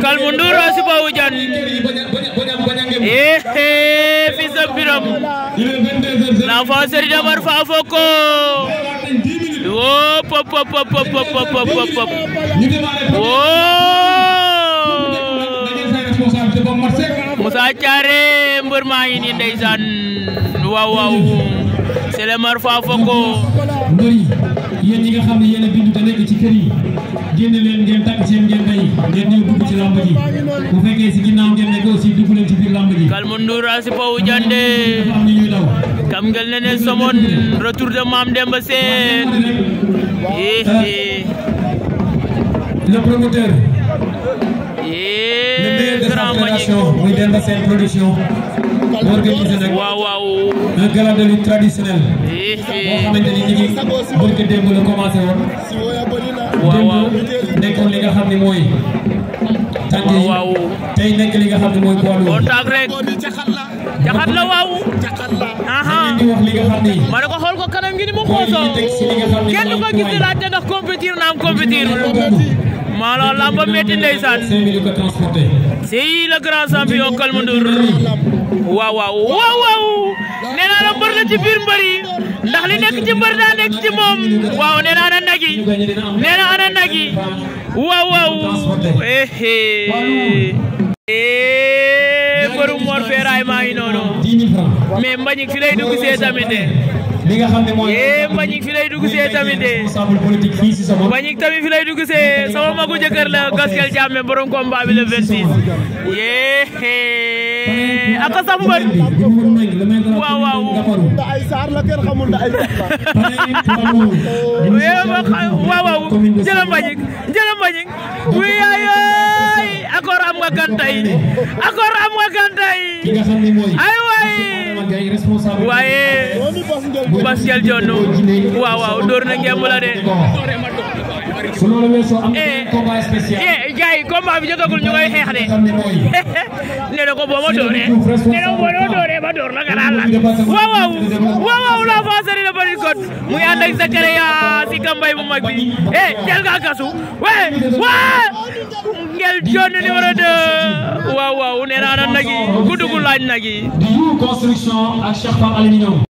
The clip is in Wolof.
Kal mundur asu bau hujan. Eh, eh, bisa biram. Nafas serida marfa favoko. Wo, pop, pop, pop, pop, pop, pop, pop, pop, pop. Wo. Musa cari bermain ini Wow, wow. Selamat Fafoko. yéen ñi nga xam ne yéen a bindu te nekk ci kër ngeen ngeen ngeen ñëw dugg ci làmb ji bu fekkee si ginnaaw ngeen nekk aussi Kam ngel ne somon retour de Mame Demba Sène. Euh, le promoteur. le meilleur de sa fédération muy Demba Sène production. mu organisé nag waaw waaw. démb nekkoon li nga xam ne mooy. tànk yi tey nekk li nga xam ne mooy poids lourd. contact rek jaxat la waaw. aha li nga xam ne. ma ne ko xool ko kanam gi ni mu xoosoo. kenn ko gis laa te ndax compétir naam compétir. maa la lamba métti ndeysaan. c'est le grand champion Calme Ndour. waaw waaw waaw waaw nee naa la mbër la ci biir mbër yi. ndax li nekk ci mbër daa waaw nee na ana nag yi nee na ana nag yi waaw waaw ee mbëru Mor Feraay maa ngi noonu mais Mbagnick fi lay dugg see tamit li nga xam ne mooy lay dugg see tamit Mbagnick tamit fi lay dugg see sama magu jëkkër la Gaskel Diame borom combat bi le 26 yee ak a waaw waaw ay saar la kenn xamul da ay waaw waaw jëlë mbañik waaye Bass Ndiel Dione door na ngemb de su loolu weesoo am eh. combat spécial eh gars yi combat ne da ko la nga daan laaj waaw waaw waaw waaw la fa bu mag bi eh jël nga kasu we we ngel nag yi ku laaj nag yi